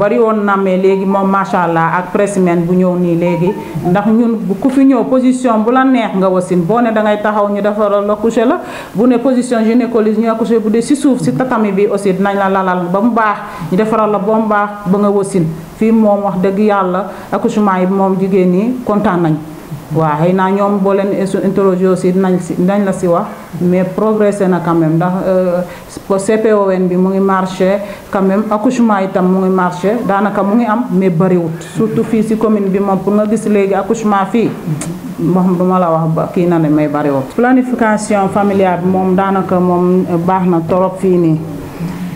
bari woon na léegi moom macha allah ak pressman bu ñëw nii léegi ndax ñun ku fi ñëw position bu la neex nga wasin boo ne dangay taxaw ñu defaral la couché la bu ne position gynécologiste ñu accouché bu dee si suuf si tatami bi aussi dinañ la lalal ba mu baax ñu defaral la boo mu baax ba nga wasin fii moom wax dëgg yàlla accouchement yi moom jigéen ñi kontaan nañ waaw xëy naa ñoom boo leen interrogé aussi dinañ si nañ la si wax mais progressé na quand même ndax euh, CPON bi mu ngi marché quand même accouchement itam mu ngi marché daanaka mu ngi am mais bëriwut surtout fii si commune bi moom pour nga gis léegi accouchement fii moom du ma la wax ba kii na ne may bëriwut planification familiale moom daanaka moom euh, baax na torop fii nii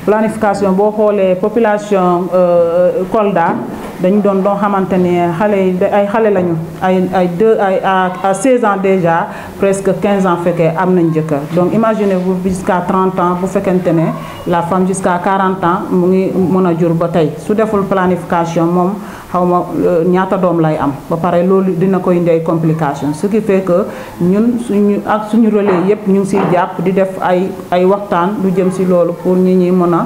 planification boo xoolee population euh, Kolda dañ doon loo xamante ne xale ay xale lañu ay ay deux ay à 16 ans déjà presque 15 ans fekkee am nañ jëkkër donc imaginez-vous jusqu'à 30 ans bu fekkente ne la femme jusqu'à 40 ans mu ngi mën a jur ba tey su deful planification moom xaw ma euh, ñaata doom lay am ba pare loolu dina koy ndey complication. ce qui fait que ñun suñu ak suñu relais yépp ñu ngi siy jàpp di def ay ay waxtaan lu jëm ci loolu pour ñi ñi mën a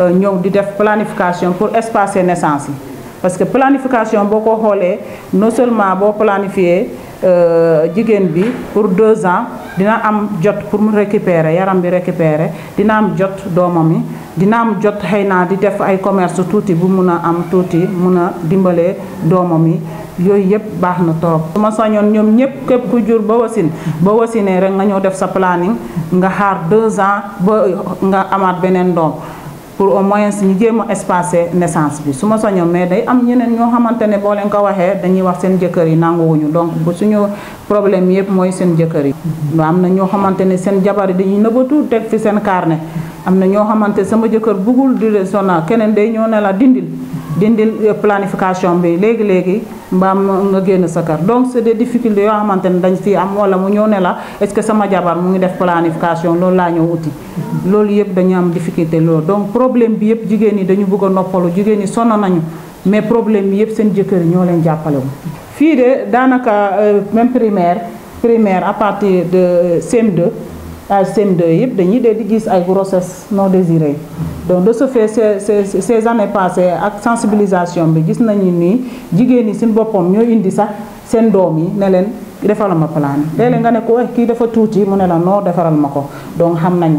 euh, ñëw di def planification pour espacer naissance yi. parce que planification boo ko xoolee non seulement boo planifier euh, jigéen bi pour deux ans dina am jot pour mu récupérer yaram bi récupérer dina am jot doomam yi dina am jot xëy naa di def ay commerce tuuti bu mun a am tuuti mun a dimbalee doomam yi yooyu yëpp baax na trop su ma sañoon ñoom ñëpp képp ku jur ba wasin ba wasinee rek nga ñëw def sa planning nga xaar deux ans ba nga amaat beneen doom pour au moins ñu jéem a espacer bi su ma soñoon mais day am ñeneen ñoo xamante ne boo leen ko waxee dañuy wax seen jëkkër yi nanguwuñu donc bu suñu problème yëpp mooy seen jëkkër yi. am na ñoo xamante ne seen jabar yi dañuy nëbbatu teg fi seen carnet am na ñoo xamante sama jëkkër bëggul di sonal keneen day ñoo ne la dindil dindil euh, planification bi léegi léegi. mbaam nga génn sa kër donc c'est des difficultés yoo xamante ne dañ fi am wala mu ñëw ne la est-ce que sama jabar mu ngi def planification loolu laa ñëw uti loolu yëpp dañu am difficulté loolu donc problème bi yëpp jigéen ñi dañu bëgg a noppalu jigéen ñi sonn nañu mais problème bi yëpp seen jëkkër ñoo leen jàppalewu fii de daanaka euh, même primaire primaire à partir de euh, CM2 âge seen 2 yëpp dañuy dee di gis ay grossesse non désirée donc de ce fait ces ces années passées ak sensibilisation bi gis nañu ni jigéen ñi seen boppam ñoo indi sax seen doom yi ne leen defaral ma plan léeg-léeg nga ne ko eh, kii dafa tuuti mu ne la noo defaral ma ko donc xam nañu.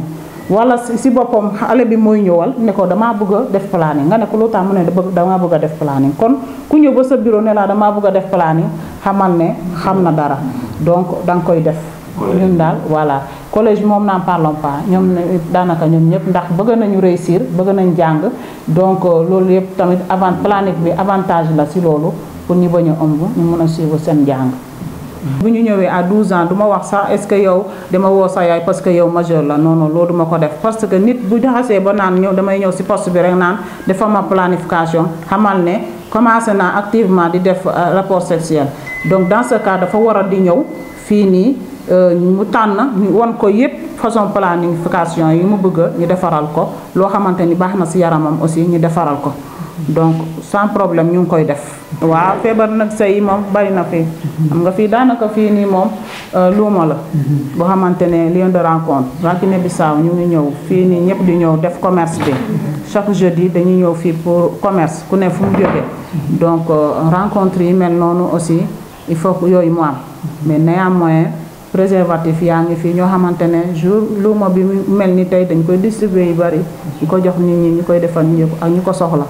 wala si boppam xale bi mooy ñëwal ne ko damaa bëgg a def planning nga ne ko lu tax mu ne damaa bëgg a def planning kon ku ñëw ba sa bureau ne laa damaa bëgg a def planning xamal ne xam na dara donc da koy def collège moom n'en parlons pas ñoom daanaka ñoom ñëpp ndax bëgg nañu réussir bëgg nañ jàng donc euh, loolu yëpp tamit avant planning bi avantage la si loolu pour ñu bañ a ëmb ñu mën a suivre seen jàng. bu ñu ñëwee à 12 ans duma wax sax est-ce que yow dama woo sa yaay parce que yow majeur la noonu non loolu du ko def parce que nit bu jaxasee ba naan ñëw damay ñëw si post bi rek naan dafa ma planification xamal ne commencé naa activement di def euh, rapport sexuel Euh, mu tànn ñu won ko yépp façon planification yi mu bëgg ñu defaral ko loo xamante ni baax na si yaramam aussi ñu defaral ko donc sans problème ñu ngi koy def waaw feebar nag sëy moom bari na fii xam nga fii daanaka fii nii moom euh, luuma la boo xamante ne lieu de rencontre Guinée Bissau ñu ngi ñëw fii nii ñëpp di ñëw def commerce bi chaque jeudi dañuy ñëw fii pour commerce ku ne fu mu jógee donc euh, rencontre yi mel noonu aussi il faut que yooyu mu am mais néanmoins préservatif yaa ngi fii ñoo xamante ne jour luma bi mu mel ni tey dañ koy distribuer yu bëri ñu ko jox nit ñi ñu koy defal ñëpp ak ñu ko soxla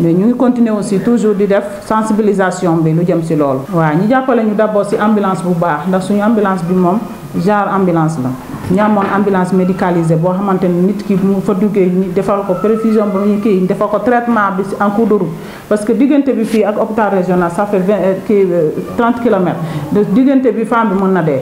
mais ñu ngi continuer aussi toujours di def sensibilisation bi lu jëm si loolu waaw ñu jàppale ñu d'abord si ambulance bu baax ndax suñu ambulance bi moom genre ambulance la ñu amoon ambulance médicalisée boo xamante ne nit ki mu fa duggee ñu defal ko perfusion ba ñu kii defal ko traitement bi en cours de route parce que diggante bi fi ak hôpital régional ça fait 20 euh, kii 30 euh, km de diggante bi femme bi mën na dé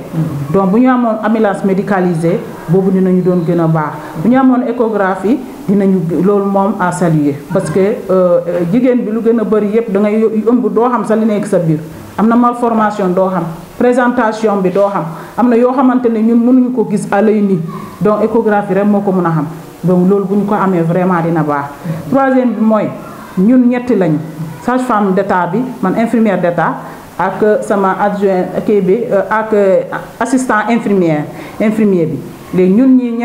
donc buñu amone ambulance médicalisée boobu dinañu doon gëna a baax buñu amone échographie dinañu loolu moom à saluer parce que euh, jigéen bi lu gën a bëri yëpp da ngay ëmb doo xam sa li nekk sa biir am na malformation doo xam. présentation bi doo xam am na yoo xamante ne ñun mënuñu ko gis à lay ni donc échographie rek moo ko mën a xam donc loolu bu ñu ko amee vraiment dina baax troisième bi mooy nous ñetti lañ sage femme d'état bi infirmière d'état ak euh, sama adjoint bi euh, euh, assistant infirmière infirmier bi les ñun ñi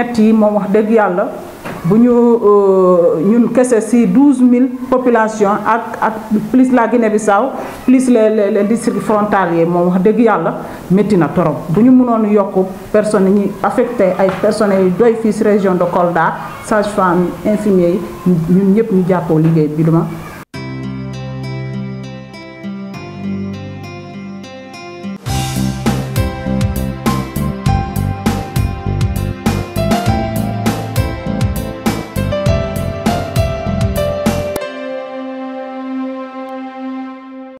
population plus la Guinée-Bissau plus les districts frontaliers wax na ñi affecté ay région de Kolda sage-femme infirmier yi ñun ñëpp ñu jàppoo liggéey bi duma